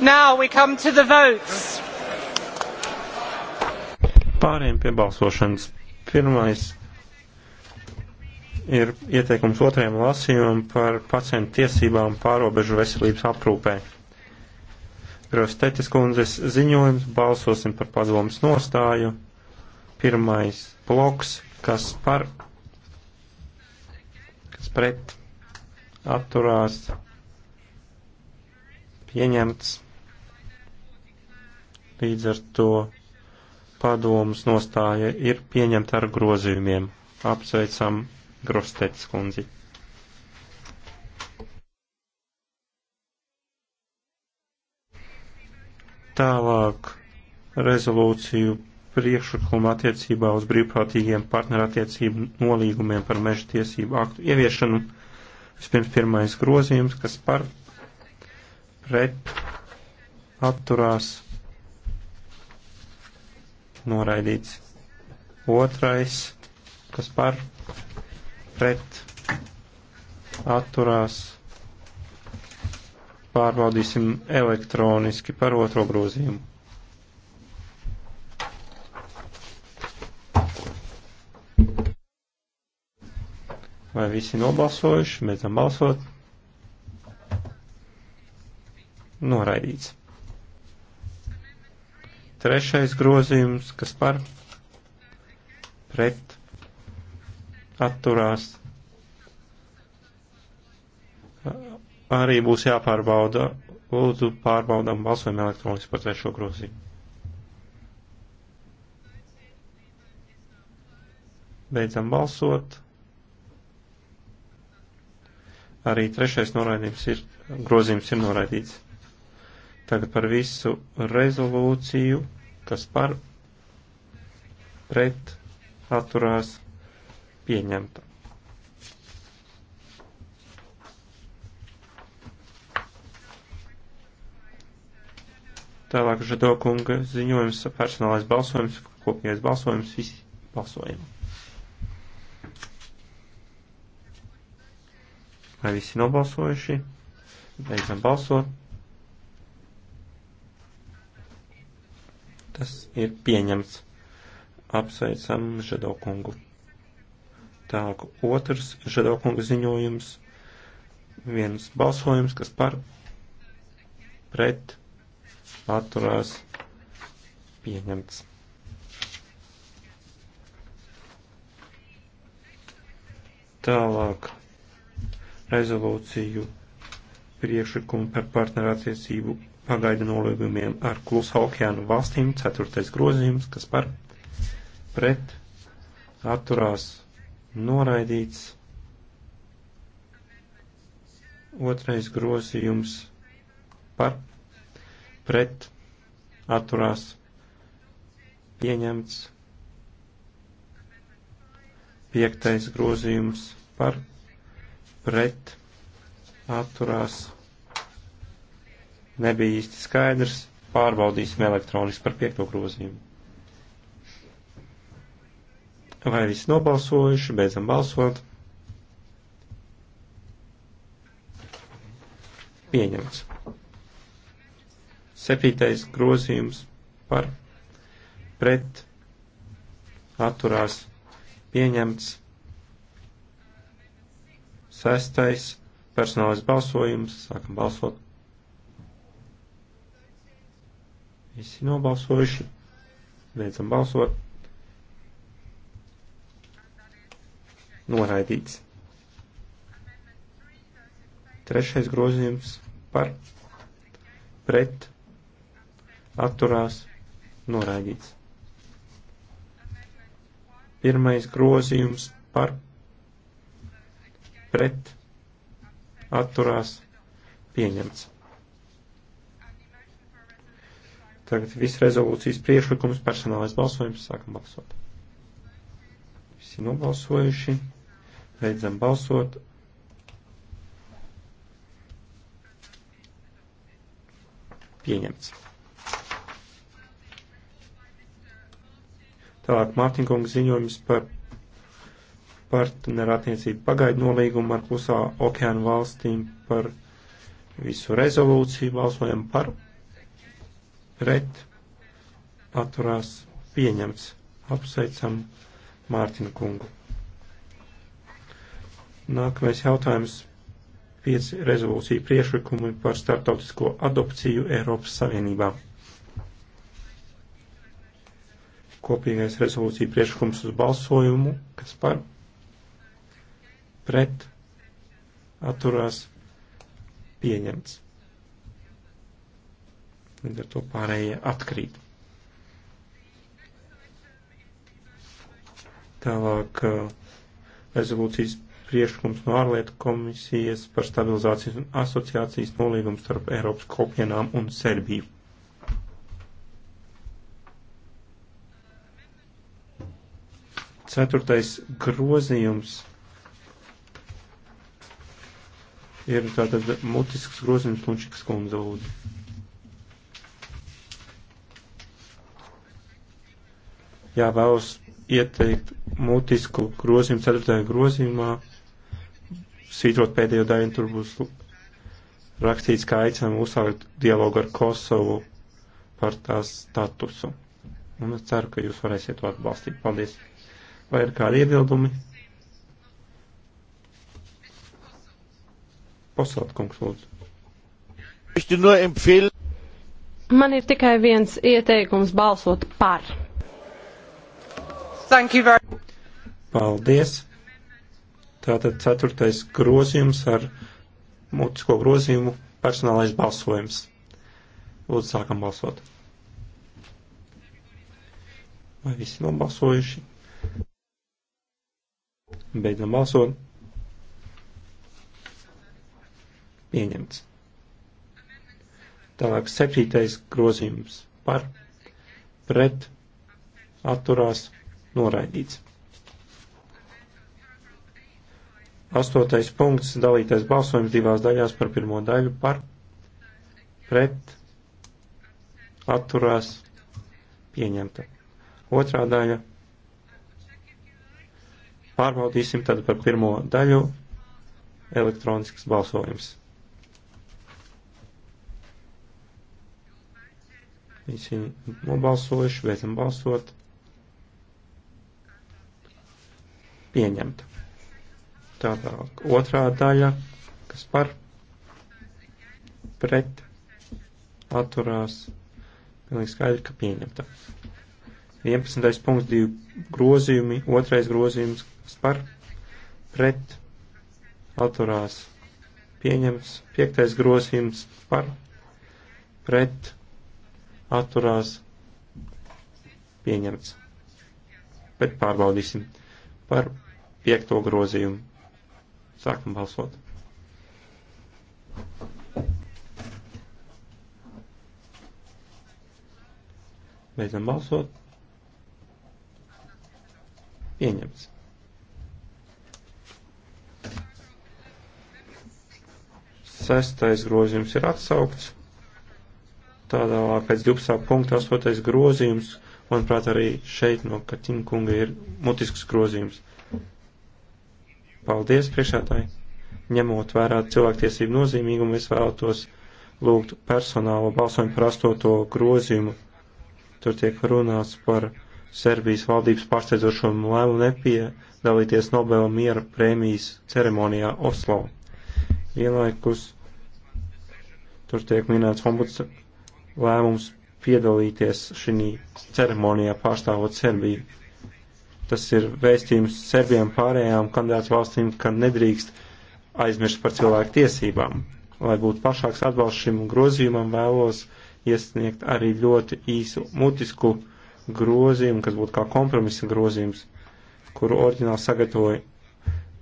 Now we come to the votes. Pāriem pie balsošanas. Pirmais ir ieteikums otrajam lasījumam par pacientu tiesībām pārobežu veselības aprūpē. Grostetes kundzes ziņojums, balsosim par padomus nostāju. Pirmais bloks, kas par, kas pret atturās pieņemts līdz ar to padomus nostāja ir pieņemta ar grozījumiem. Apsveicam Grostets kundzi. Tālāk rezolūciju priekšlikumu attiecībā uz brīvprātīgiem partnerattiecību nolīgumiem par meža tiesību aktu ieviešanu. Vispirms pirmais grozījums, kas par pret atturās noraidīts. Otrais, kas par pret atturās, pārbaudīsim elektroniski par otro grozījumu. Vai visi nobalsojuši? Beidzam balsot. Noraidīts. Trešais grozījums, kas par pret atturās. Arī būs jāpārbauda. Lūdzu, pārbaudām balsojumu elektroniski par trešo grozījumu. Beidzam balsot. Arī trešais noraidījums ir, grozījums ir noraidīts. Tagad par visu rezolūciju, kas par pret atturās pieņemta. Tālāk Žadokunga ziņojums, personālais balsojums, kopīgais balsojums, visi balsojumi. Vai visi nobalsojuši? Beidzam balsot. Tas ir pieņemts. Apsveicam Žadokungu. Tālāk otrs Žadokunga ziņojums. Viens balsojums, kas par pret atturās pieņemts. Tālāk rezolūciju priekšlikumu par partnerattiecību pagaidu nolīgumiem ar Klusa okeānu valstīm, ceturtais grozījums, kas par pret atturās noraidīts, otrais grozījums par pret atturās pieņemts, piektais grozījums par pret pret atturās nebija īsti skaidrs. Pārbaudīsim elektroniski par piekto grozījumu. Vai viss nobalsojuši? Beidzam balsot. Pieņemts. Septītais grozījums par pret atturās pieņemts Sestais personālais balsojums. Sākam balsot. Visi nobalsojuši. Beidzam balsot. Noraidīts. Trešais grozījums par pret atturās noraidīts. Pirmais grozījums par pret pret, atturās, pieņemts. Tagad viss rezolūcijas priekšlikums personālais balsojums sākam balsot. Visi nobalsojuši, beidzam balsot. Pieņemts. Tālāk Mārtiņkungs ziņojums par partnerattiecību pagaidu nolīgumu ar klusā okeāna valstīm par visu rezolūciju balsojam par, pret, atturās pieņemts. Apsveicam Mārtiņu kungu. Nākamais jautājums - pieci rezolūcija priešlikumi par starptautisko adopciju Eiropas Savienībā. Kopīgais rezolūcija priešlikums uz balsojumu, kas par pret atturās pieņemts. Līdz ar to pārējie atkrīt. Tālāk eh, rezolūcijas priekšlikums no ārlietu komisijas par stabilizācijas un asociācijas nolīgumu starp Eiropas kopienām un Serbiju. Ceturtais grozījums ir tātad mutisks grozījums Lunčikas kundze lūdzu. Jā, vēlos ieteikt mutisku grozījumu ceturtajā grozījumā, svītrot pēdējo daļu, tur būs rakstīts, kā aicinām uzsākt dialogu ar Kosovu par tās statusu. Un es ceru, ka jūs varēsiet to atbalstīt. Paldies! Vai ir kādi iebildumi? Osāt kungs lūdzu. Man ir tikai viens ieteikums balsot par. Paldies. Tātad ceturtais grozījums ar mutisko grozījumu personālais balsojums. Lūdzu, sākam balsot. Vai visi nobalsojuši? Beidzam balsot. pieņemts. Tālāk septītais grozījums par pret atturās noraidīts. Astotais punkts dalītais balsojums divās daļās par pirmo daļu par pret atturās pieņemta. Otrā daļa pārbaudīsim tad par pirmo daļu elektronisks balsojums. Visi nobalsojuši, beidzam balsot. Pieņemt. Tālāk otrā daļa, kas par pret atturās, pilnīgi skaidri, ka pieņemta. 11. punkts, divi grozījumi, otrais grozījums, kas par pret atturās, pieņems, piektais grozījums par pret atturās pieņemts. Bet pārbaudīsim par piekto grozījumu. Sākam balsot. Beidzam balsot. Pieņemts. Sestais grozījums ir atsaukts. Tālāk pēc 12. punkta 8. grozījums, manuprāt, arī šeit no Katina kunga ir mutisks grozījums. Paldies, priekšētāji! Ņemot vērā cilvēktiesību nozīmīgumu, es vēlētos lūgt personālo balsojumu par 8. grozījumu. Tur tiek runāts par Serbijas valdības pārsteidzošo lēmu nepiedalīties Nobela miera prēmijas ceremonijā Oslo. Vienlaikus tur tiek minēts ombuds lēmums piedalīties šī ceremonijā pārstāvot Serbiju. Tas ir vēstījums Serbijām pārējām kandidātu valstīm, ka nedrīkst aizmirst par cilvēku tiesībām. Lai būtu plašāks atbalsts šim grozījumam, vēlos iesniegt arī ļoti īsu mutisku grozījumu, kas būtu kā kompromisa grozījums, kuru oriģināli sagatavoja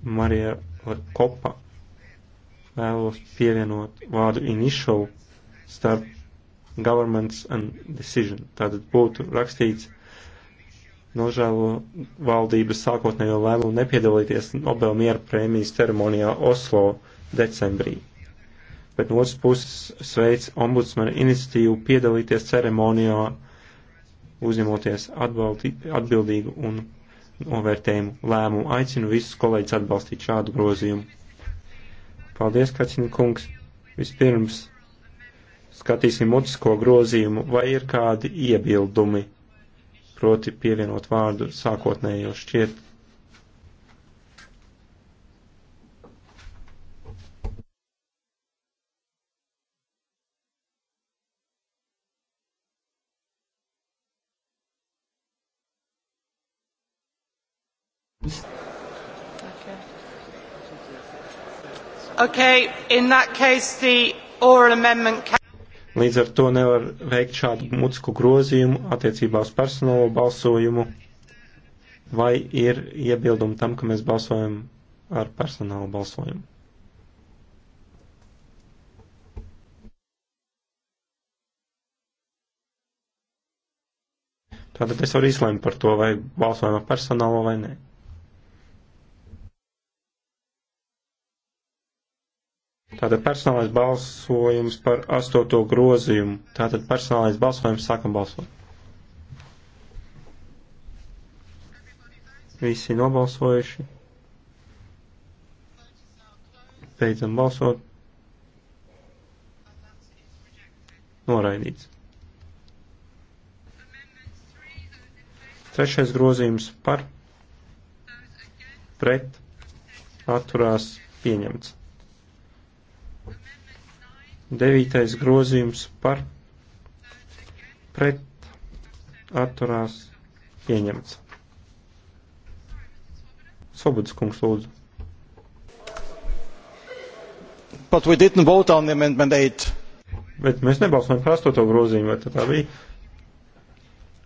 Marija Kopa. Vēlos pievienot vārdu initial starp governments and decision. Tātad būtu rakstīts nožēlo valdības sākotnējo lēmumu nepiedalīties Nobel miera prēmijas ceremonijā Oslo decembrī. Bet no otras puses sveic ombudsmana iniciatīvu piedalīties ceremonijā, uzņemoties atbaldi, atbildīgu un novērtējumu lēmumu. Aicinu visus kolēģis atbalstīt šādu grozījumu. Paldies, Kacina kungs! Vispirms skatīsim mutisko grozījumu, vai ir kādi iebildumi, proti pievienot vārdu sākotnējo šķiet. Okay, in that case the oral amendment can Līdz ar to nevar veikt šādu mutisku grozījumu attiecībā uz personālo balsojumu, vai ir iebildumi tam, ka mēs balsojam ar personālu balsojumu. Tātad es varu izlemt par to, vai balsojam ar personālo vai nē. Tātad personālais balsojums par astoto grozījumu. Tātad personālais balsojums sākam balsot. Visi nobalsojuši. Beidzam balsot. Noraidīts. Trešais grozījums par pret atturās pieņemts. Devītais grozījums par pret atturās pieņemts. Svobodas kungs lūdzu. But we didn't vote on amendment 8. Bet mēs nebalsojam par astoto grozījumu, vai tā bija?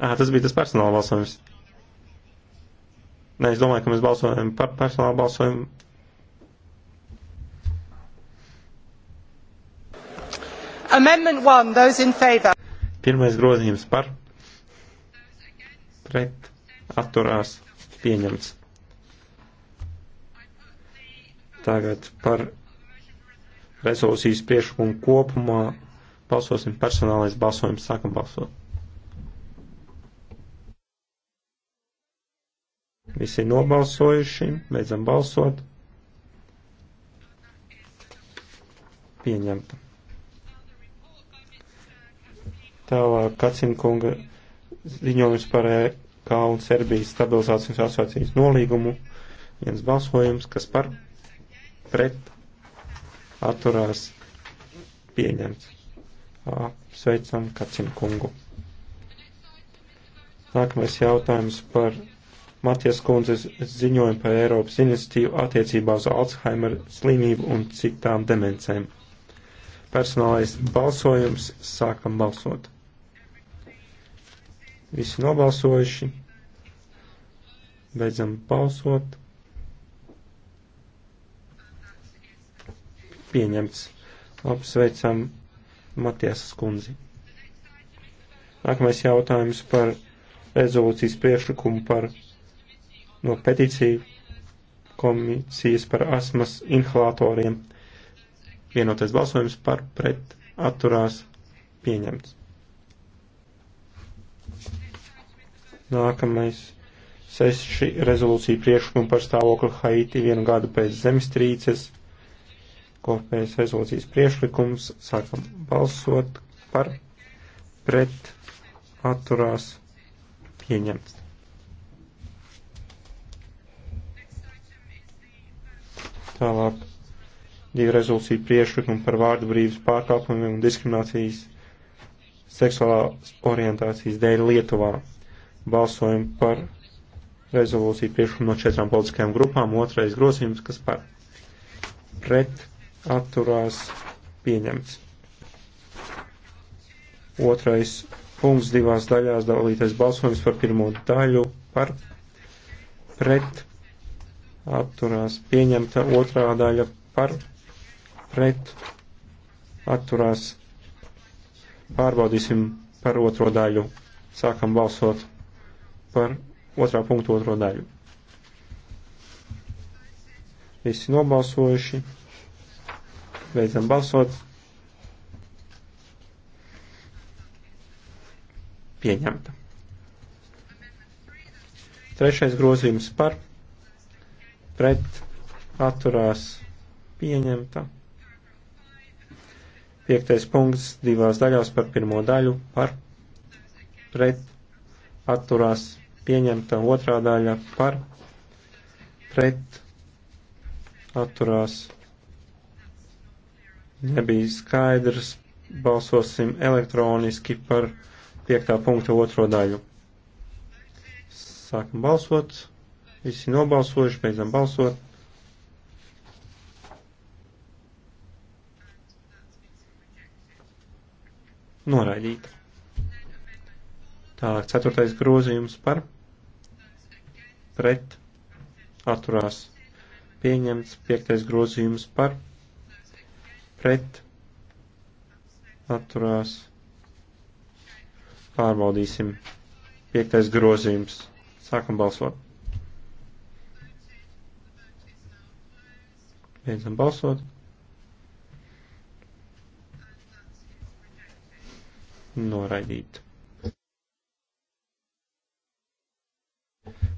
Ā, tas bija tas personāla balsojums. Nē, es domāju, ka mēs balsojam par personāla balsojumu Amendment 1, those in favor. Pirmais grozījums par, pret, atturās, pieņemts. Tagad par rezolūcijas priekšlikumu kopumā balsosim personālais balsojums, sākam balsot. Visi ir nobalsojuši, beidzam balsot. Pieņemta. Tālāk Kacina kunga ziņojums par EK un Serbijas stabilizācijas asociācijas nolīgumu. Viens balsojums, kas par pret atturās pieņemts. Sveicam Kacina kungu. Nākamais jautājums par Matijas kundzes ziņojumu par Eiropas iniciatīvu attiecībā uz Alzheimer slimību un citām demencēm. Personālais balsojums sākam balsot. Visi nobalsojuši. Beidzam balsot. Pieņemts. Apsveicam Matiesas kundzi. Nākamais jautājums par rezolūcijas priekšlikumu par no peticiju komisijas par asmas inhalatoriem. Vienotais balsojums par pret atturās pieņemts. Nākamais seši rezolūcija priekšlikumi par stāvokli Haiti vienu gadu pēc zemestrīces. Kopējais rezolūcijas priekšlikums. Sākam balsot par pret atturās pieņemts. Tālāk divi rezolūcija priekšlikumi par vārdu brīvas pārkāpumiem un diskriminācijas seksuālās orientācijas dēļ Lietuvā. Balsojam par rezolūciju priekšlikumu no četrām politiskajām grupām. Otrais grozījums, kas par pret atturās pieņemts. Otrais punkts divās daļās dalītais balsojums par pirmo daļu par pret atturās pieņemta otrā daļa par pret atturās pārbaudīsim par otro daļu. Sākam balsot par otrā punktu otro daļu. Visi nobalsojuši. Beidzam balsot. Pieņemta. Trešais grozījums par pret atturās pieņemta. Piektais punkts divās daļās par pirmo daļu par pret atturās pieņemta pieņemta otrā daļa par pret atturās. Nebija skaidrs, balsosim elektroniski par piektā punkta otro daļu. Sākam balsot, visi nobalsojuši, beidzam balsot. Noraidīta. Tālāk ceturtais grozījums par pret, atturās, pieņemts. Piektais grozījums par, pret, atturās, pārbaudīsim. Piektais grozījums. Sākam balsot. Beidzam balsot. Noraidīt.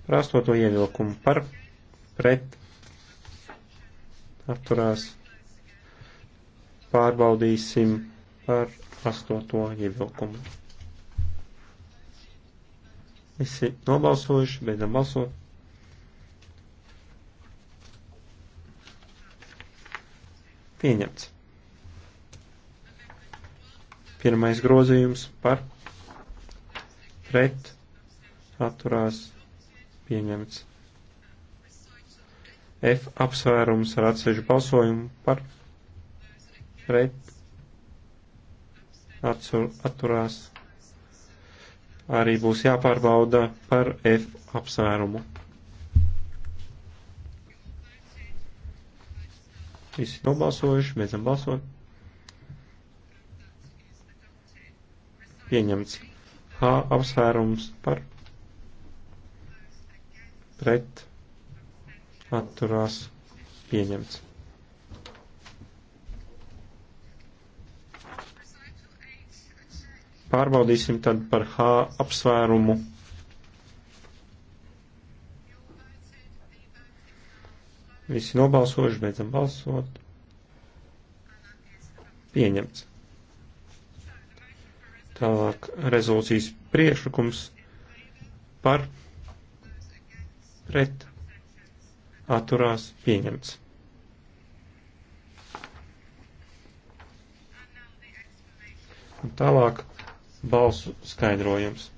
Par astoto ievilkumu par pret atturās. Pārbaudīsim par astoto ievilkumu. Visi nobalsojuši, beidzam balsot. Pieņemts. Pirmais grozījums par pret atturās pieņemts. F apsvērums ar atsevišķu balsojumu par pret atsur, atturās. Arī būs jāpārbauda par F apsvērumu. Visi nobalsojuši, beidzam balsot. Pieņemts H apsvērums par pret pret atturās pieņemts. Pārbaudīsim tad par H apsvērumu. Visi nobalsojuši, beidzam balsot. Pieņemts. Tālāk rezolūcijas priekšlikums par pret atturās pieņemts. Un tālāk balsu skaidrojums.